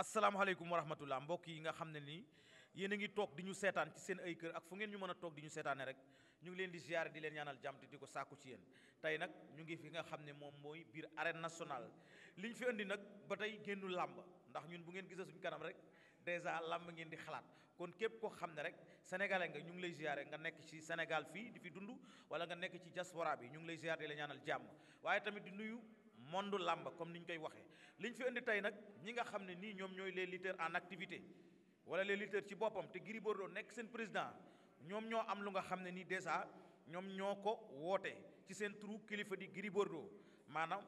asalaamaaleykum wa rahmatullah mbokk yi nga xam ne nii yéen a ngi toog di ñu seetaan ci seen ay kër ak fu ngeen ñu mën a toog di ñu seetaane rek ñu ngi leen di ziare di leen ñaanal di ko sàkku ci yéen tey nag ñu ngi fi nga xam ne moom mooy biir arène nationale li ñu fi nag ba tey génnu làmb ndax ñun bu ngeen gisee suñu kanam rek dèjà làmb ngeen di xalaat kon képp koo xam ne rek sénégalais nga ñu ngi lay ziare nga nekk ci Sénégal fii di fi dund wala nga nekk ci diaspora bi ñu ngi lay ziare di la ñaanal jàmm waaye tamit di nuyu monde làmb comme ni ñu koy waxee liñ fi indi tey nag ñi nga xam ne nii ñoom ñooy les lutteurs en activité wala les lutteurs ci boppam te Gris Bordeaux nekk seen président ñoom ñoo am lu nga xam ne nii déjà ñoom ñoo ko woote ci seen turu kilifa di Gris maanaam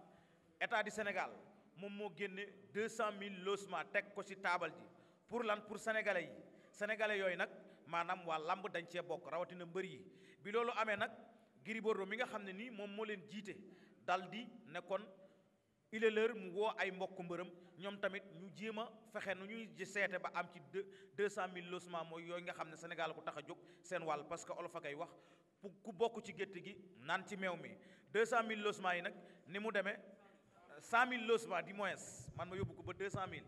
état du Sénégal moom moo génne 200000 logements teg ko ci taabal ji pour lan pour sénégalais yi sénégalais yooyu nag maanaam waa làmb dañ cee bokk rawatina mbër yi bi loolu amee nag Gris Bordeaux mi nga xam ne nii moom moo leen jiite dal di nekkoon il est l'heure mu woo ay mbokk mbërëm ñoom tamit ñu jéem a fexe nu ñuy seete ba am ci deux cent mille logement mooy yooyu nga xam ne Sénégal ko tax a jóg seen wàll parce que olof a koy wax ku bokk ci gétt gi naan ci meew mi deux cent mille logement yi nag ni mu demee cent mille logement di moins man ma yóbbu ko ba deux cent mille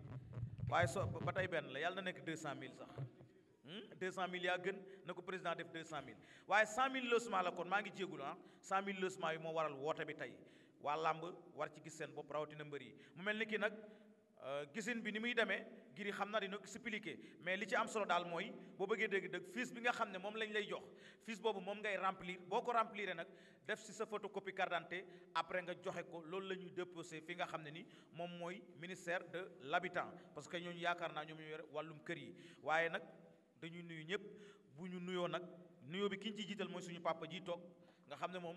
waaye so ba tey benn la yàlla na nekk deux cent mille sax hmm? deux cent mille yaa gën na ko président def deux cent mille waaye cent mille logement la maa ngi jéegul ah cent mille moo waral woote bi tey waa làmb war ci gis seen bopp rawatina mbër yi mu mel ni ki nag euh, gisin bi ni muy demee ngir xam naa dina expliquer mais li ci am solo daal mooy boo bëggee dégg-dëgg fiche bi nga xam ne moom lañ lay jox fiche boobu moom ngay remplir boo ko remplir nag def si sa photocopie après nga joxe ko loolu la ñuy déposé fi nga xam ne ni moom mooy ministère de l'habitant parce que ñooñu yaakaar naa ñoom ñoo wàllum kër yi waaye nag dañuy nuyu ñëpp bu ñu nuyoo nag nuyoo bi kiñ ñu ci jiital mooy suñu papa ji toog nga xam ne moom.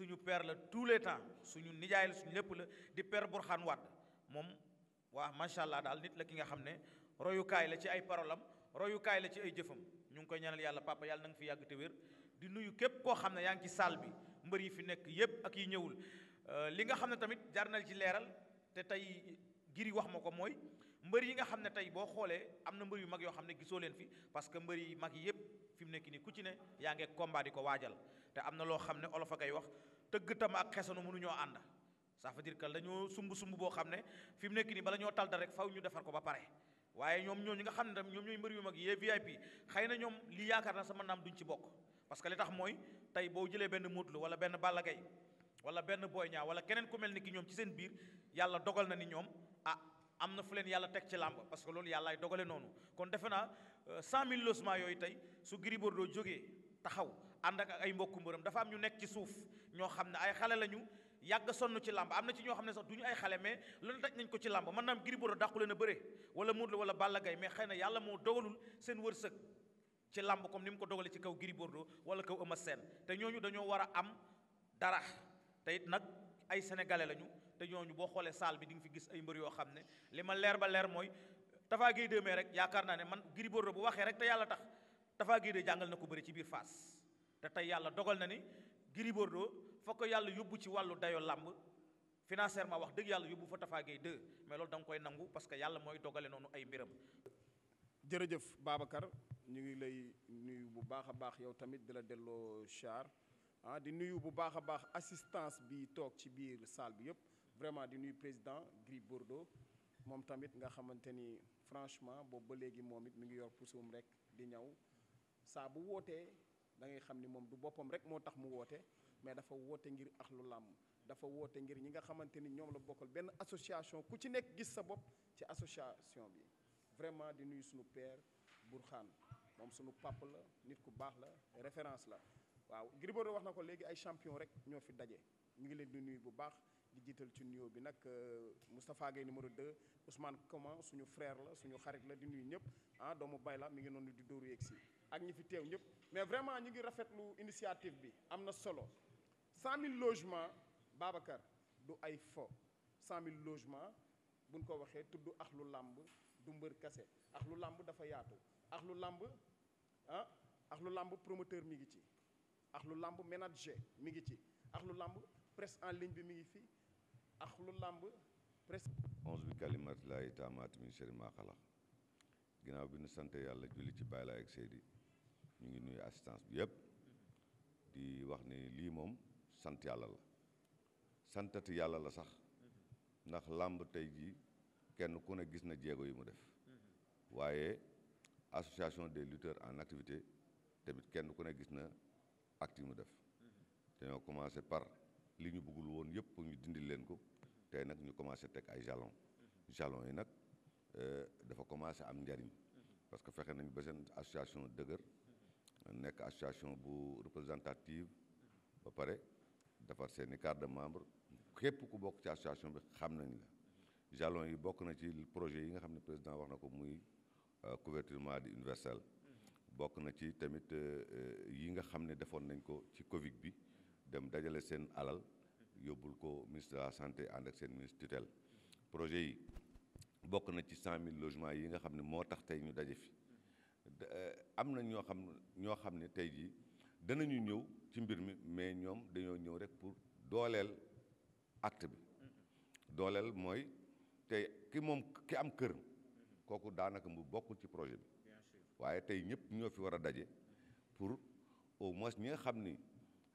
suñu per la tous les temps suñu nijaay la suñu lépp la di père Bourkhane Wade moom waa macha allah daal nit la ki nga xam ne royukaay la ci ay parolam royukaay la ci ay jëfam ñu ngi koy ñaanal yàlla papa yàlla na nga fi yàgg te di nuyu képp koo xam ne yaa ngi ci salle bi mbër yi fi nekk yépp ak yi ñëwul euh, li nga xam ne tamit jar na ci leeral te tey giri wax ma ko mooy mbër yi nga xam ne tey boo xoolee am na mbër yu mag yoo xam ne gisoo leen fi parce que mbër yi mag yi fi mu nekk nii ku ci ne yaa ngi combat ko waajal am na loo xam ne olof a wax tëgg tam ak xesanu mënuñoo ànd ça veut dire que dañoo sumb sumb boo xam ne fi mu nekk nii bala ñoo talda rek faw ñu defar ko ba pare waaye ñoom ñoom ñooñu nga xam ne tam ñoom ñooy mbër yu mag yee VIP xëy na ñoom li yaakaar na sama naam duñ ci bokk parce que li tax mooy tey boo jëlee benn Modou Lo wala benn Balla Gaye wala benn Boy Niang wala keneen ku mel ni ki ñoom ci seen biir yàlla dogal na ni ñoom ah am na fu leen yàlla teg ci làmb parce que loolu yàllaay dogale noonu kon defe naa 100000 euh, logements yooyu tey su Gris Bordeaux jógee taxaw ànd ak ay mbokku mbërëm dafa am ñu nekk ci suuf ñoo xam ne ay xale lañu yàgg sonn ci làmb am na ci ñoo xam ne sax du ñu ay xale mais loolu daj nañ ko ci làmb mën naa am Gris Bordeaux dàqu leen a bëre wala Modou Lô wala Balla Gaye xëy na yàlla moo dogalul seen wërsëg ci làmb comme ni mu ko dogalee ci kaw Gris wala kaw Eumeu Sène te ñooñu dañoo war a am dara te it nag ay sénégalais lañu te ñooñu boo xoolee salle bi di nga fi gis ay mbër yoo xam ne li leer ba leer mooy Tafa Gueye demee rek yaakaar naa ne man Gris Bordeaux bu waxee rek te yàlla tax dafa Gueye de na ko bëri ci biir Fass te tey yàlla dogal na ni Gris Bordeaux fa yàlla yóbbu ci wàllu dayo làmb financièrement wax dëgg yàlla yóbbu fa Tapha Gueye 2 mais loolu da koy nangu parce que yàlla mooy dogale noonu ay mbiram. jërëjëf Babacar ñu ngi lay nuyu bu baax a baax yow tamit di la delloo char ah di nuyu bu baax a baax assistance bi toog ci biir salle bi yëpp vraiment di nuyu président Gris Bordeaux moom tamit nga xamante ni franchement boobu ba léegi moom it mi ngi yor pusum rek di ñëw da ngay xam ni moom du boppam rek moo tax mu woote mais dafa woote ngir axlu làmb dafa woote ngir ñi nga xamante ni ñoom la bokkal benn association ku ci nekk gis sa bopp ci association bi vraiment di nuyu suñu per père Bourkhane moom suñu pàpp la nit ku baax la référence la waaw Gris Bordeaux wax na ko léegi ay champion rek ñoo fi daje ñu ngi leen di nuyu bu baax di jiital ci nuyo bi nag euh, Moustapha Gueye numéro 2 Ousmane Koma suñu frère la suñu xarit la di nuyu ñëpp ah doomu bay la mi ngi noonu di dóoru yegg si ak ñi fi teew ñëpp mais vraiment ñu ngi rafetlu initiative bi am na solo 100000 logements Babacar du ay fo 100000 logements buñ ko waxee tudd ak lu làmb du mbër kase ax lu làmb dafa yaatu ax lu làmb ah ax lu làmb promoteur mi ngi ci ak lu làmb ménager mi ngi ci ak lu làmb presque en ligne bi mi ngi fi ak lu làmb presse onze bi kalimat laay taamaat min sharri maa bi nu sante yàlla julli ci Baay Laay ak Seydi ñu ngi nuyu assistance bi yëpp di wax ni lii moom sant yàlla la santati yàlla la sax ndax làmb tey jii kenn ku ne gis na jéego yi mu def waaye association des lutteurs en activité tamit kenn ku ne gis na acte yi mu def dañoo commencé par li ñu buggul woon yëpp ñu dindil leen ko tey nag ñu commencé teg ay jalon jalon yi nag euh, dafa commencer am njariñ parce que fexe nañu ba seen association dëgër nekk association bu représentative ba pare defar seeni carte de membre képp ku bokk ci association bi xam nañ la jalon yi bokk na ci projet yi nga xam ne président wax na ko muy euh, couverture maladie universelle bokk na ci tamit euh, euh, yi nga xam ne defoon nañ ko ci Covid bi dem dajale seen alal yóbbul ko ministre de la santé ànd ak seen ministre tutelle projet yi bokk na ci cent mille logements yi nga xam ne moo tax tey ñu daje fi Euh, am na ñoo xam ñoo xam ne tey jii danañu ñëw ci mbir mi mais ñoom dañoo ñëw rek pour dooleel acte bi mm-hmm. dooleel mooy tey ki moom ki am kër mm-hmm. kooku daanaka mu bokkul ci projet bi waaye tey ñëpp ñoo fi war a daje mm-hmm. pour au moins ñi nga xam ni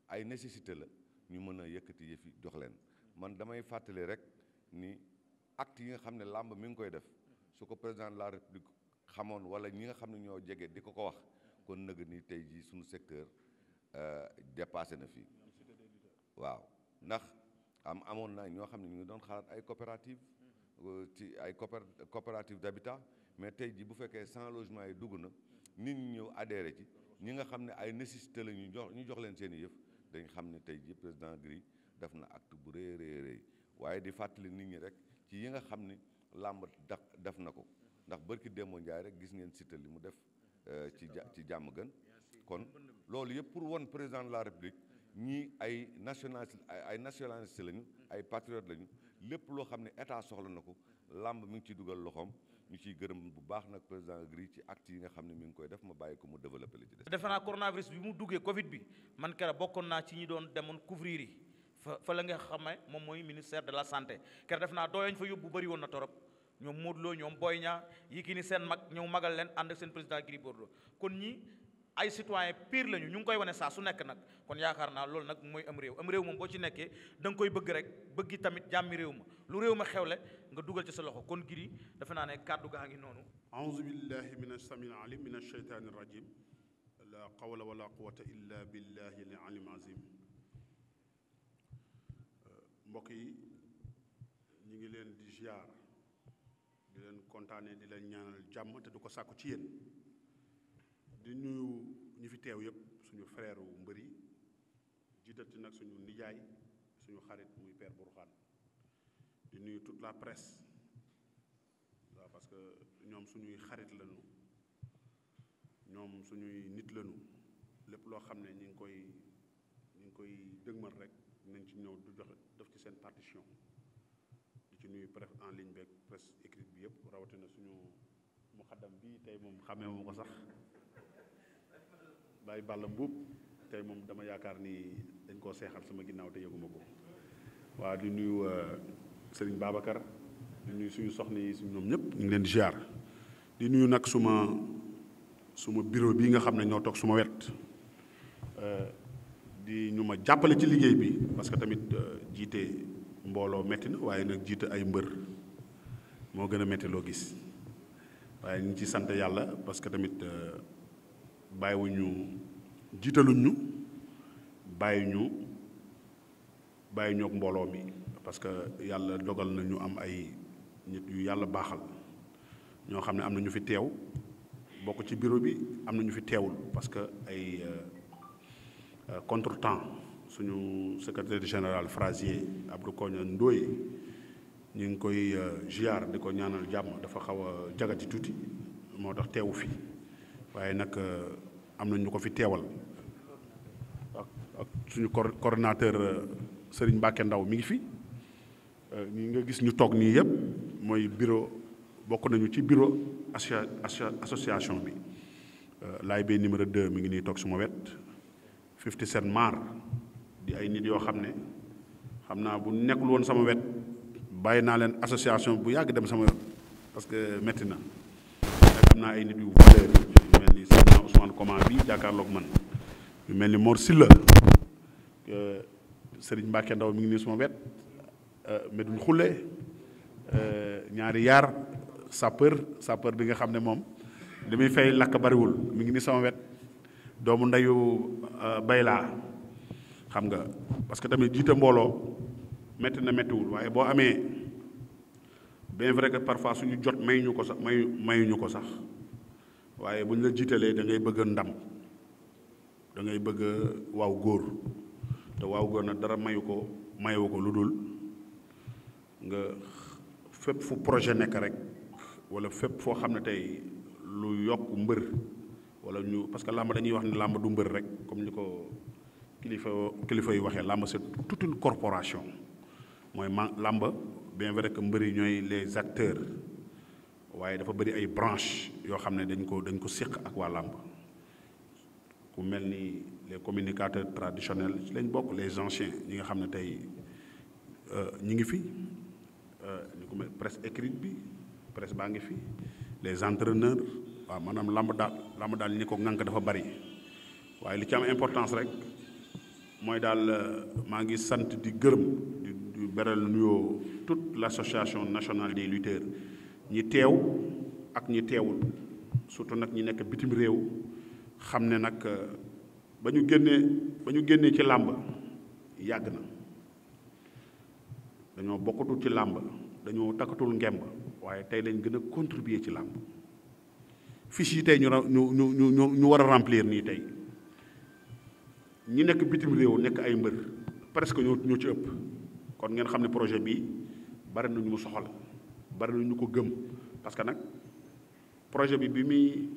ay nécessité la ñu mën a yëkkati yëfi jox leen man damay fàttali rek ni acte yi nga xam ne làmb mi ngi koy def su ko président la république xamoon wala ñi nga xam ne ñoo jege di ko ko wax kon nëg nii tey jii suñu secteur euh, dépassé na fii waaw ndax am amoon naa ñoo xam ne ñu ngi doon xalaat ay coopérative euh, ci ay coopé coopérative d'habitat mais tey jii bu fekkee sans logement yi dugg na nit ñi ñëw adhéré ci ñi nga xam ne ay nécessité la ñu jox ñu jox leen seen i yëf dañ xam ne tey jii président Gris def na acte bu rëy rëy rëy waaye di fàttali nit ñi rek ci yi nga xam ne làmb def na ko ndax bërki démb Ndiaye rek gis ngeen Siteu li mu def euh, ci ci jàmm gën kon loolu yëpp pour won président de la république ñii ay nationaliste ay nationaliste lañu ay patriote lañu lépp loo xam ne état soxla na ko làmb mi ngi ci dugal loxoom ñu ciy gërëm bu baax nag président Gris ci acte yi nga xam ne mi ngi koy def ma bàyyi ko mu développé li ci def. defe naa coronavirus bi mu duggee Covid bi man keroog bokkoon naa ci ñi doon demoon couvrir yi fa fa la nga xamee moom mooy ministère de la santé keroog def naa doyoñ fa yóbbu bëri woon na torop ñoom Modou Lo ñoom Boy Niang Yékini seen mag ñëw magal leen ànd ak seen président Gris Bordeaux kon ñi ay citoyen pire lañu ñu ngi koy wane saa su nekk nag kon yaakaar naa loolu nag mooy am réew am réew moom boo ci nekkee da nga koy bëgg rek bëggi tamit jàmmi réew ma lu réew ma xewle nga dugal ci sa loxo kon Gris dafa naa ne kàddu gaa ngi noonu aouzu billahi min assamil alim min asheytani irajim la qawla wala quwata illa billahi al alim azim mbokk yi ñu ngi leen di leen kontaane di leen ñaanal jàmm te du ko sàkku ci yéen di nuyu ñi fi teew yëpp suñu frère wu mbëri ci nag suñu nijaay suñu xarit muy père Bourkhane di nuyu tout la presse waaw parce que ñoom suñuy xarit lañu ñoom suñuy nit lañu lépp loo xam ne ñu ngi koy ñu ngi koy dëgmal rek nañ ci ñëw du joxe def ci seen partition ci nuyu presse en ligne beeg presse écrite bi yëpp rawatina suñu mu xaddam bi tey moom xamee wu ko sax bàyyi bàlla mbuub tey moom dama yaakaar ni dañ koo seexal sama ginnaaw te ma ko waa di nuyu euh, sëriñ Babacar di nuyu suñu soxna yi suñu ñoom ñëpp ñu ngi leen di ziar di nuyu nag suma suma bureau bii nga xam ne ñoo toog suma wet euh, di ñu ma jàppale ci liggéey bi parce que tamit euh, jiite mbooloo metti na waaye nag jiite ay mbër moo gën a metti loo gis waaye ñu ci sant yàlla parce que tamit euh, bàyyiwuñu jiitaluñ ñu bàyyiñu ñu mbooloo mi parce que yàlla dogal na ñu am ay nit yu yàlla baaxal ñoo xam ne am na ñu fi teew bokk ci bureau bi am na ñu fi teewul parce que ay euh, euh, temps suñu secrétaire général Frazier Abdou Koña Ndoye ñu ngi koy giar euh, di ko ñaanal jàmm dafa xaw a jagati tuuti moo tax teewu fi waaye nag euh, am na ñu ko fi teewal ak ak suñu coordonnateur euh, Serigne Mbacke Ndaw mi ngi fi ñi nga gis ñu toog nii yëpp mooy bureau bokk nañu ci bureau association bi laay bay numéro 2 mi ngi nii toog suma wet 57 Mar ay nit yoo xam ne xam naa bu nekkul woon sama wet bàyyi naa leen association bu yàgg dem sama wet parce que métti na xam naa ay nit yu valeur yu mel ni Seydina Ousmane Koma bi jàkkaarloog man mel ni moor Mor Silla Sëriñ Mbàkke Ndaw mi ngi nii sama wet euh, Medoune Khoule euh, ñaari yaar sapeur sapeur bi nga xam ne moom li muy fay lakk bariwul mi ngi ni sama wet doomu ndeyu euh, bayla xam nga parce que tamit jiita mbooloo metti na méttiwul waaye boo amee bien vrai que parfois suñu jot may ñu ko sax may mayuñu ko sax waaye bu ñu la jiitalee da ngay bëgg ndam da ngay bëgg waaw góor te waaw góor na dara mayu ko mayu ko lu dul nga fépp fu projet nekk rek wala fépp foo xam ne tey lu yokk mbër wala ñu parce que làmb dañuy wax ne làmb du mbër rek comme ni ko kilifa kilifa yu waxee làmb c'est toute une corporation mooy ma làmb bien vrai que mbëri ñooy les acteurs waaye dafa bëri ay branches yoo xam ne dañ ko dañ ko séq ak waa làmb ku mel ni les communicateurs traditionnels ci lañ bokk les anciens ñi nga xam ne tey euh, ñi ngi fi euh, ñu ko mel bi presse baa ngi fi les entraîneurs waaw maanaam làmb daal làmb daal ñi ko ŋànk dafa bari waaye li ci am importance rek mooy daal euh, maa ngi sant di gërëm di di beral nuyoo toute l'association nationale de lutteurs ñi teew ak ñi teewul surtout nag ñi nekk bitim réew xam ne nag euh, ba ñu génnee ba ñu génnee ci làmb yàgg na dañoo bokkatul ci làmb dañoo takkatul ngemb waaye tey lañ gën a contribuer ci làmb fiche yi tey ñu ñu ñu ñu ñu war a remplir nii tey ñi nekk bitim réew nekk ay mbër presque ñoo ñoo ci ëpp kon ngeen xam ne projet bii bari na ñu mu soxal bari na ñu ko gëm parce que nag projet bi bi muy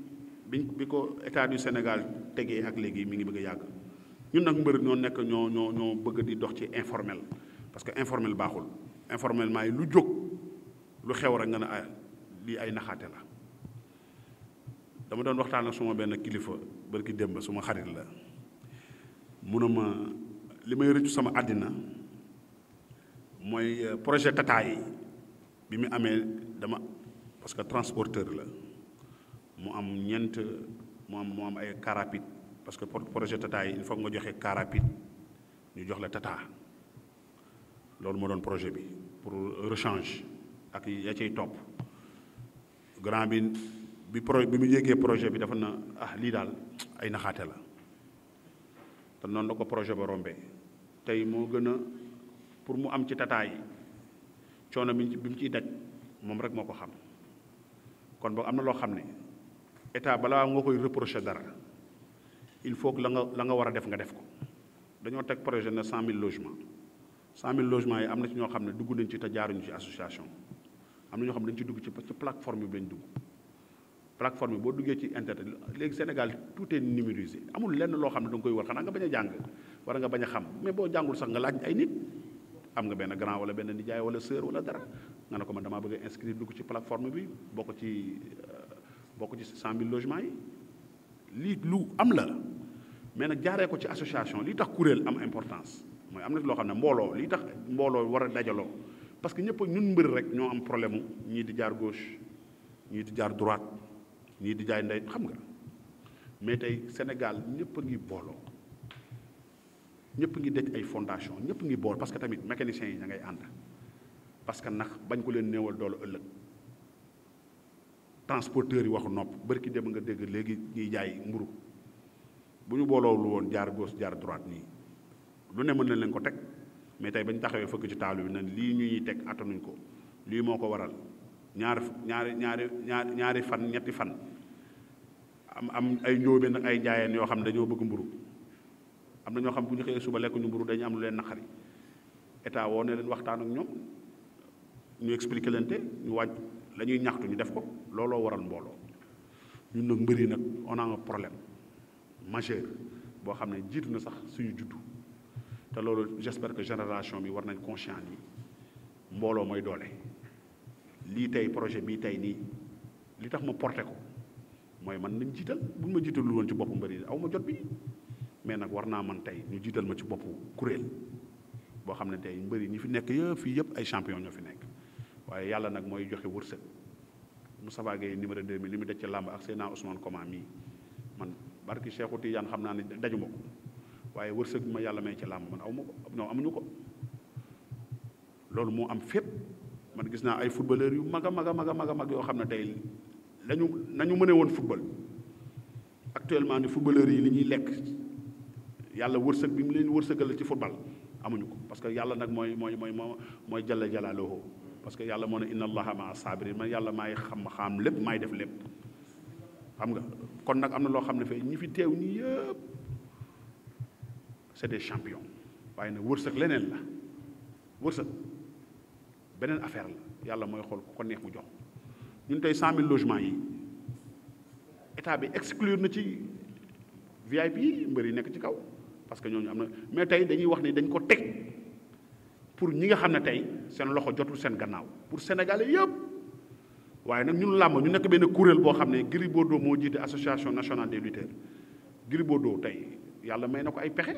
bi bi ko état du Sénégal tegee ak léegi mi ngi bëgg a yàgg ñun nag mbër ñoo nekk ñoo ñoo ñoo bëgg di dox ci informel parce que informel baaxul informellement yi lu jóg lu xew rek nga ne ah lii ay naxaate la dama doon waxtaan ak suma benn kilifa bërki démb suma xarit la mu ne ma li may rëccu sama àddina mooy euh, projet Tata bi mu amee dama parce que transporteur la mu am ñeent mu am mu am ay car rapide parce que projet Tata yi il faut nga joxe car ñu jox la Tata loolu moo doon projet bi pour rechange ak ya cay topp grand bi bi pro bi mu yéegee projet bi dafa na ah lii daal ay naxaate la te noonu la ko projet ba rombee tey moo gën a pour mu am ci tataa yi coono bi bi mu ciy daj moom rek moo ko xam kon boog am na loo xam ne état balaa nga koy reprocher dara il faut la nga la nga war a def nga def ko dañoo teg projet na cent mille logements cent mille logements yi am na ci ñoo xam ne dugg nañ ci te jaaruñu ci association am na ñoo xam ne dañ ci dugg ci plateforme bi lañ dugg plateforme bi boo duggee ci internet léegi Sénégal tout est numérisé amul lenn loo xam ne da nga koy war xanaa nga bañ a jàng wala nga bañ a xam mais boo jàngul sax nga laaj ay nit am nga benn grand wala benn nijaay wala sœur wala dara nga ne ko man damaa bëgg a inscrire dugg ci plateforme bi bokk ci euh, bokk ci 100000 logements yi lii lu am la mais nag jaaree ko ci association li tax kuréel am importance mooy am na loo xam ne mbooloo lii tax mbooloo war a dajaloo parce que ñëpp ñun mbër rek ñoo am problème ñii di jaar gauche ñii di jaar droite. ñii di jaay ndey xam nga mais tey Sénégal ñëpp a ngi booloo ñëpp ngi dej ay fondation ñëpp ngi bool parce que tamit mécaniciens yi ña ngay ànd parce que ndax bañ ko leen néewal doolu ëllëg transporteurs yi waxu nopp bari ki dem nga dégg léegi ñuy jaay mburu bu ñu booloowul woon jaar gauche jaar droite nii lu ne mën na leen ko teg mais tey bañ taxawee fëkk ci taalu bi na lii ñuy teg attanuñ ko lii moo ko waral ñaari ñaari ñaari ñaari ñaari fan ñetti fan am am ay njóobeen nag ay njaayeen yoo xam ne dañoo bëgg mburu am na ñoo xam bu ñu xëyee suba lekk ñu mburu dañu am lu leen naqari état woo ne leen waxtaan ak ñoom ñu explique leen te ñu wàaj la ñuy ñaxtu ñu def ko looloo waral mbooloo ñun nag mbëri nag on a problème majeur boo xam ne jiitu na sax suñu juddu te loolu j'espère que génération bi war nañ conscient ni mbooloo mooy doole lii tey projet bii tey nii li tax ma porte ko mooy man nañ jiital buñ ma jiitalul woon ci boppu mbëri aw ma jot bi mais nag war naa man tey ñu jiital ma ci boppu kuréel boo xam ne tey mbëri ñi fi nekk yëpp fii yëpp ay champion ñoo fi nekk waaye yàlla nag mooy joxe wërsëg Moustapha Gueye numéro 2 mi li mu daj ci làmb ak Seydina Ousmane Koma mii man barki Cheikhou Tidiane xam naa ne dajuma ko waaye wërsëg ma yàlla may ci làmb man aw ma ko non amuñu ko loolu moo am fépp man gis naa ay footballeur yu mag a mag a mag a mag a mag yoo xam ne tey lañu nañu mëne woon football actuellement ni footballeur yi li ñuy lekk yàlla wërsëg bi mu leen wërsëgal ci football amuñu ko parce que yàlla nag mooy mooy mooy moo mooy jalla jalaaluhu parce que yàlla moo ne inna allaha maa ma yàlla maay xam xam lépp maay def lépp xam nga kon nag am na loo xam ne fee ñi fi teew ñi yëpp c'est des champions waaye nag wërsëg leneen la wërsëg beneen affaire la yàlla mooy xool ku ko neex mu jox ñun tey cent mille logements yi état bi exclure na ci VIP yi mbër nekk ci kaw parce que ñooñu am na mais tey dañuy wax ni dañ ko teg pour ñi nga xam ne tey seen loxo jotul seen gannaaw pour sénégalais yëpp waaye nag ñun làmb ñu nekk benn kuréel boo xam ne Gris Bordeaux moo jiite association nationale des lutteurs Gris Bordeaux tey yàlla may na ko ay pexe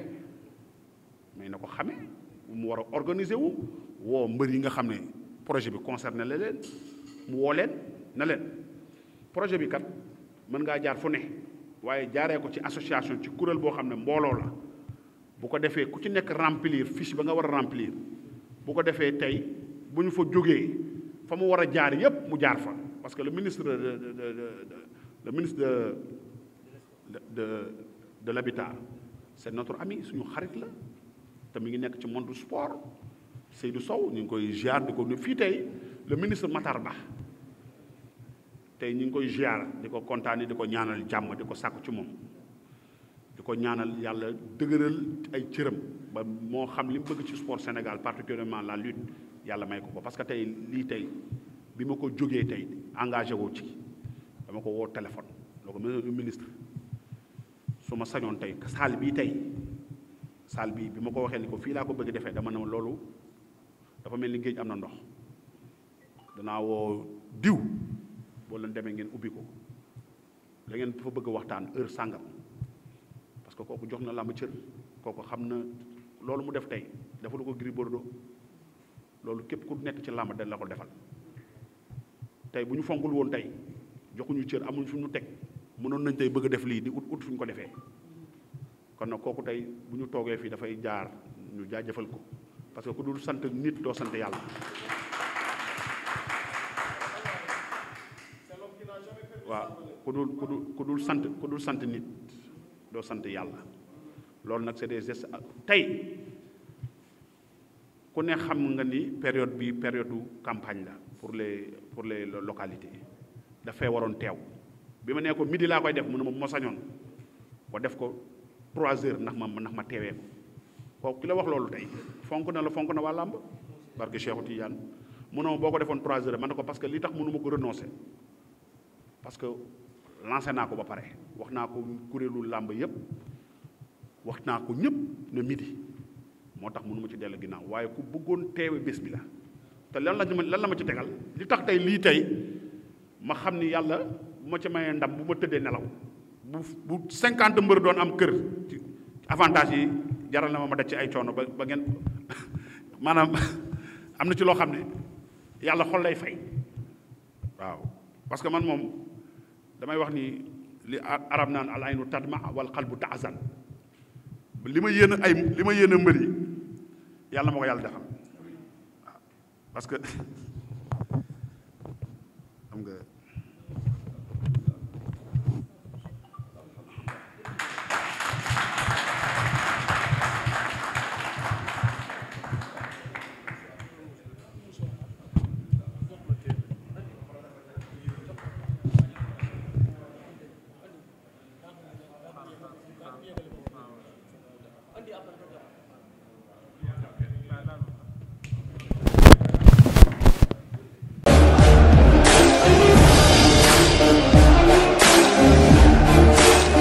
may na ko xame mu war a organiser wu woo mbër yi nga xam ne projet bi concerné la leen mu woo leen na leen projet bi kat mën ngaa jaar fu ne waaye jaaree ko ci association ci kuréel boo xam ne mbooloo la bu ko defee ku ci nekk remplir fiche ba nga war a remplir bu ko defee tey bu ñu fa jógee fa mu war a jaar yépp mu jaar fa parce que le ministre de le ministre de de de l'habitat c'est notre ami suñu xarit la te mi ngi nekk ci monde sport du Sow ñu ngi koy ziar di ko nu fii tey le ministre Matar Ba tey ñu ngi koy ziar di ko kontaane di ko ñaanal jàmm di ko sàkku ci moom di ko ñaanal yàlla dëgëral ay cëram ba moo xam li mu bëgg ci sport Sénégal particulièrement la lutte yàlla may ko ko parce que tey lii tey bi ma ko jógee tey engagé woo ci dama ko woo téléphone loo ko ministre su ma sañoon tey saal bii tey salle bi bi ma ko waxee ni ko fii laa ko bëgg defee dama ne loolu dafa mel ni géej am na ndox danaa woo diw boo leen demee ngeen ubbi ko da ngeen fa bëgg waxtaan heure sàngam parce que kooku jox na làmb cër kooku xam na loolu mu def tey dafa lu ko Gris Bordeaux loolu képp ku nekk ci làmb dañ la ko defal tey bu ñu fonkul woon tey joxuñu cër amul fu ñu teg mënoon nañ tey bëgg def lii di ut ut fu ñu ko defee kon nag kooku tey bu ñu toogee fii dafay jaar ñu jaajëfal ko parce que ku dul sant nit doo sant yàlla. waaw ku dul ku sant ku dul sant nit doo sant yàlla loolu nag c'est des gestes tey ku ne xam nga ni période bi période campagne la pour le pour les localités dafay waroon teew bi ma nee ko midi laa koy def mu ne ma moo ko def ko. trois heures ndax ma ndax ma teewee ko kooku la wax loolu tey fonk na la fonk na waa làmb barke Cheikh Tidiane mu ne ma boo ko defoon trois heures ne ko parce que li tax mënu ma ko renoncer parce que lancé naa ko ba pare wax naa ko kuréelu làmb yëpp wax naa ko ñëpp ne midi moo tax mënuma ci dell ginnaaw waaye ku bëggoon teewe bés bi la te lan la lan la ma ci tegal li tax tey lii tey ma xam ni yàlla ma ci mayee ndam bu ma tëddee nelaw bu bu cinquante mbër doon am kër avantage yi jaral na ma ma daj ci ay coono ba ba ngeen maanaam am na ci loo xam ne yàlla xol lay fay waaw parce que man moom damay wax ni li arab naan al aynu tadma wal qalbu tahzan li ma yéen ay li ma yéen a mbër yi yàlla ma ko yàlla defal que xam nga